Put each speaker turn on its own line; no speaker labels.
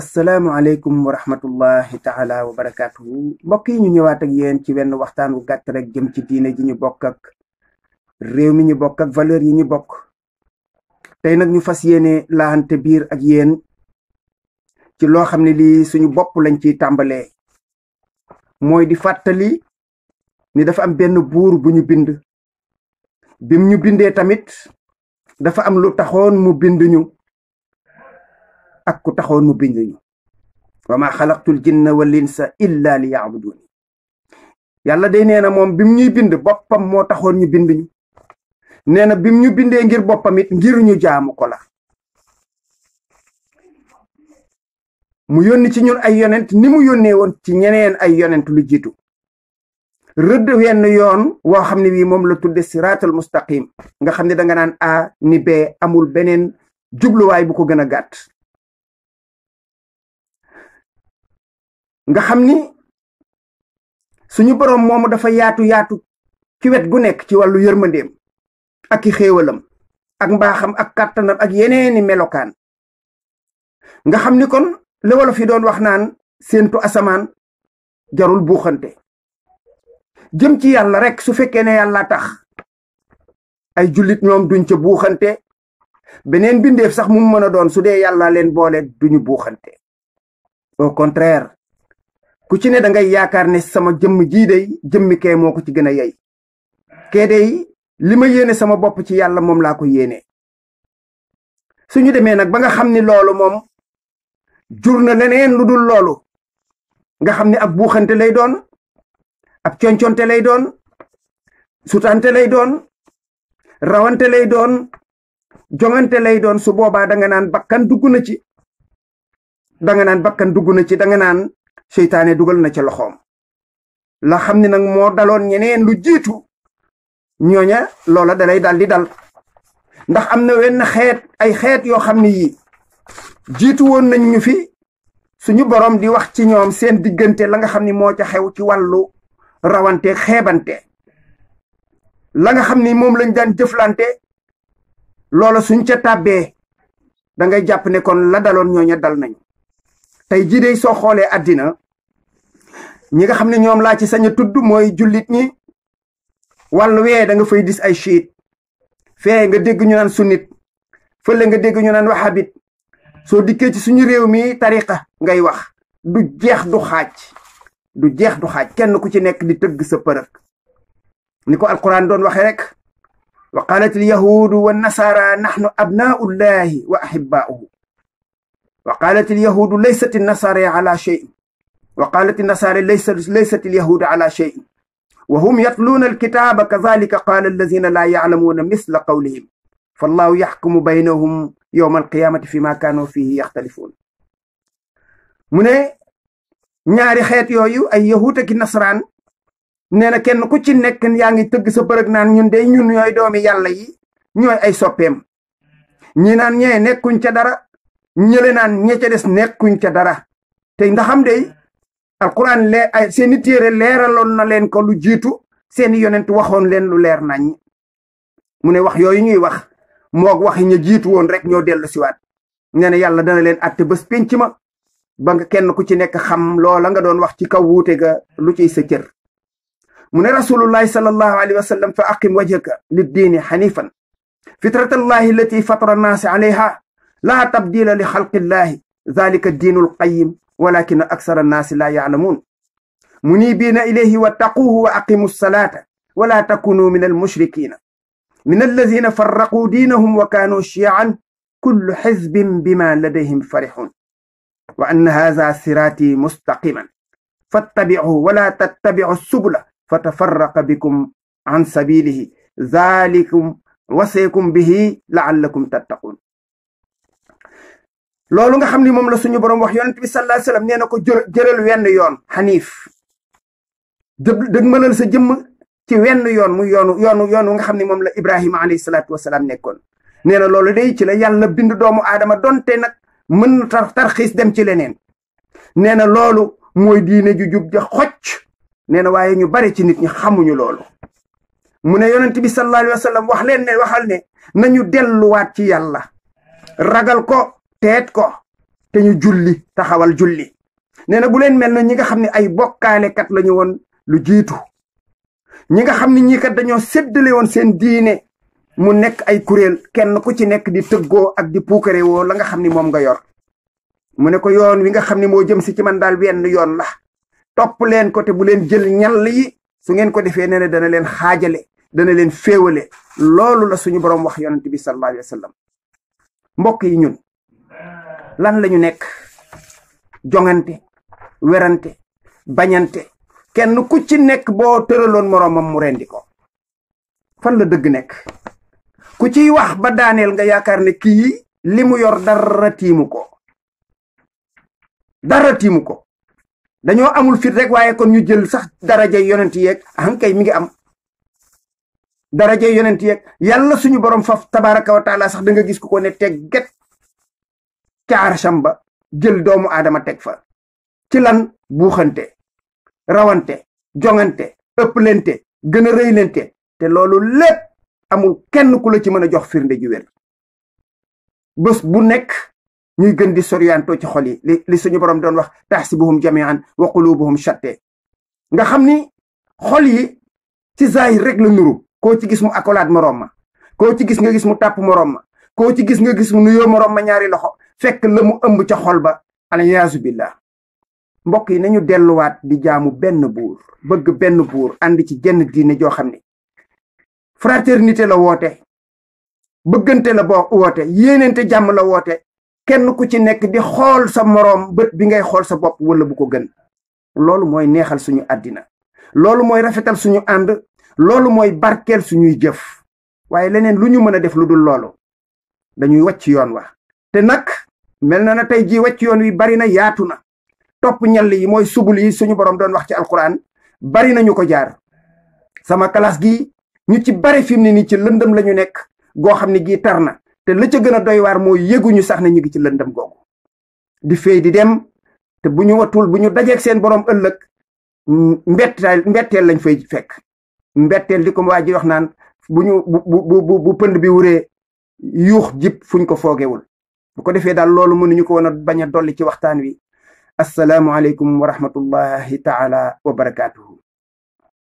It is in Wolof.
asalaamaaleykum wa rahmatullahi taala wa barakaatu mbokk yi ñu ñëwaat ak yéen ci wenn waxtaan wu gàtt rek jëm ci diine ji ñu bokk ak réew mi ñu bokk valeur yi ñu bokk tey nag ñu fas yéene laante biir ak yéen ci loo xam ne lii suñu bopp lañ ciy tàmbalee mooy di fàttali ni dafa am benn buur bu ñu bind bim ñu bindee tamit dafa am lu taxoon mu binduñu ak ku taxoon nu bind ñu wa ma xalaqtul jinna wal insa illa li yaabuduni yàlla day nee na moom bim ñuy bind boppam moo taxoon ñu bind ñu na bim ñu bindee ngir boppam it ngir ñu jaamu ko la mu yónni ci ñun ay yonent ni mu yónnee woon ci ñeneen ay yonent lu jiitu rëdd wenn yoon woo xam ne wii moom la tudde siraatal mustaqim nga xam ni danga naan a ni bee amul beneen jubluwaay bu ko gën a gàtt nga xam ni suñu boroom moomu dafa yaatu yaatu ci wet gu nekk ci wàllu yërmandeem ak i xéewalam ak mbaaxam ak kàttanam ak yeneeni melokaan nga xam ni kon la fi doon wax naan séentu asamaan jarul buuxante jëm ci yàlla rek su fekkee ne yàlla tax ay jullit ñoom duñ ca buuxante beneen bindeef sax mu mën a doon su dee yàlla leen boole duñu buuxante au contraire ku ci ne da ngay yaakaar ne sama jëmm jii day jëmmi kee moo ko ci gën a yey kee day li ma yéene sama bopp ci yàlla moom laa ko su ñu demee nag ba nga xam ni loolu moom jur na leneen lu dul loolu nga xam ni ab buuxante lay doon ab conconte lay doon sutante lay doon rawante lay doon jongante lay doon su boobaa danga naan bakkan dugg na ci danga naan bakkan dugg na ci danga naan seytaane dugal na ca loxoom la xam ne nag moo daloon ñeneen lu jiitu ñooña loola dalay dal di dal ndax am na wenn xeet ay xeet yoo xam ne yii jiitu woon nañ ñu fi suñu boroom di wax ci ñoom seen diggante la nga xam ni moo ca xew ci wàllu rawante xeebante la nga xam ni moom lañ daan jëflante loola suñ ca tàbbee dangay jàpp nekkoon la daloon ñooña dal nañu tey jii de soo xoolee àddina ñi nga xam ne ñoom laa ci sañ tudd mooy jullit ñi wàllu wee da nga fay dis ay chiit fee nga dégg ñu naan sunnit fële nga dégg ñu naan wahabit soo dikkee ci suñu réew mi tariqa ngay wax du jeex du xaaj du jeex du xaaj kenn ku ci nekk di tëgg sa përëg ni ko alquran doon waxe rek wa qaalat alyahudu wa nasaara nahnu abnaaullahi wa ahibbaahu wa qaalat alyahuudu laysat alnasaara ala shey wa qaalat alnasaara laysat alyahuudu ala shey wa hum yatluuna alkitaaba kazalika qaala allazina laa yaclamuuna misla qawlihim fallahu yaxkumu baynahum yowma alqiyaamati fi ma kaanu fihi yaxtalifuun mu ne ñaari xeet yooyu ay yahuut ak nasaraan nee na kenn ku ci nekk yaa ngi tëgg sa bërëg naan ñun dey ñun ñooy doomi yàlla yi ñooy ay soppeem ñi naan ñee nekkuñ ca ñële naan ña ca des nekkuñ ca dara te nga xam de alquran le ay seeni téere leeraloon na leen ko lu jiitu seeni yonent waxoon leen lu leer nañ mu ne wax yooyu ñuy wax moog waxi ña jiitu woon rek ñoo dellu siwaat nee na yàlla dana leen àtte bés pénc ma ba nga kenn ku ci nekk xam loola nga doon wax ci kaw wuute ga lu ciy sa cër mu ne rasulullahi sallallahu alayhi wa sallam fa aqim wajhaka lid diini xanifan fitratallahi allati fatara naasi alayha laa tabdila li xalqillaahi zalika diinul qayim walakina aksara annaasi laa yaalamuun muniibiina ilayhi wattaquuhu wa aqimu salaata wala takunuu min almushrikiina min allazina farraquu diinahum wa kaanuu shiyan kullu xizbin bima ladayhim farixuun wa anna haza siraatii mustaqiman fattabicuhu wala tattabicu subula fatafarraqa bikum an sabilihi zalikum waseekum bihi laallakum tattaquun loolu nga xam ni moom la suñu borom wax yonent bi sallallahu alayhi wasallam nee ko jë jëral wenn yoon xaniif dëgg mënal sa jëmm ci wenn yoon mu yoonu yoonu yoonu nga xam ni moom la Ibrahima alayhi salaatu wasalaam nekkoon nee na loolu day ci la yàlla bind doomu aadama donte nag mën na tarxiis dem ci leneen nee na loolu mooy diine ju jub ja xocc nee na waaye ñu bare ci nit ñi xamuñu loolu mu ne yonent bi sallallahu wa sallam wax leen ne waxal ne nañu delluwaat ci yàlla ragal ko teet ko te ñu julli taxawal julli nee na bu leen mel na ñi nga xam ne ay bokkaalekat lañu woon lu jiitu ñi nga xam ne ñii kat dañoo séddale woon seen diine mu nekk ay kuréel kenn ku ci nekk di tëggoo ak di puukare woo la nga xam ni moom nga yor mu ne ko yoon wi nga xam ni moo jëm si ci man daal wenn yoon la topp leen ko te bu leen jël ñal yi su ngeen ko defee nee dana leen xaajale dana leen féewale loolu la suñu boroom wax yoon bi sallallahu alayhi yi ñun lan la ñu nekk joŋante werante bañante kenn ku ci nekk boo tëraloon moroomam mu rendi ko fan la dëgg nekk ku ciy wax ba daaneel nga yaakaar ne kii li mu yor dara tiimu ko dara tiimu ko dañoo amul fit rek waaye kon ñu jël sax daraja yonent a ankay mi ngi am daraja yonent yeeg yàlla suñu borom faf tabaraka wa sax da nga gis ku ko ne get caarasam ba jël doomu aadama teg fa ci lan buuxante rawante jongante ëpplente gën a rëylente te loolu lépp amul kenn ku la ci mën a jox firnde ju wér bés bu nekk ñuy gën di soriyaantoo ci xol yi li li suñu borom doon wax taxsibuhum jamian wa qulubuhum shatte nga xam ni xol yi ci zaahir rek la nuru koo ci gis mu akolaat moroom ma koo ci gis nga gis mu tàpp moroom ma koo ci gis nga gis mu nuyoo moroom ma ñaari loxo fekk la mu ëmb ca xol ba alayaasu billah mbokk yi nañu delluwaat di jaamu benn buur bëgg benn buur ànd ci jenn diine joo xam ne fraternité la woote bëggante la boo woote yéenente jàmm la woote kenn ku ci nekk di xool sa moroom bët bi ngay xool sa bopp wala bu ko gën loolu mooy neexal suñu àddina loolu mooy rafetal suñu ànd loolu mooy barkeel suñuy jëf waaye leneen lu ñu mën a def lu dul loolu dañuy wàcc yoon wa te nag mel na na tey jii wecc yoon wi bari na yaatu na topp ñal yi mooy subul yi suñu borom doon wax ci alquran bari nañu ko jaar sama kalaas gi ñu ci bari fi mu ne nii ci lëndëm lañu nekk goo xam ne gii tar na te la ca gën a doy waar mooy yëguñu sax ne ñu ngi ci lëndëm googu di fay di dem te bu ñu watul bu ñu dajeeg seen borom ëllëg mbetteel lañ fay fekk mbetteel di waa ji wax naan bu ñu bu bu bu pënd bi wuree yuux jib fuñ ko foogewul bu ko defee daal loolu mënuñu ko woon a bañ a dolli ci waxtaan wi assalaamu aleykum wa rahmatullahi taala wa barakaatuhu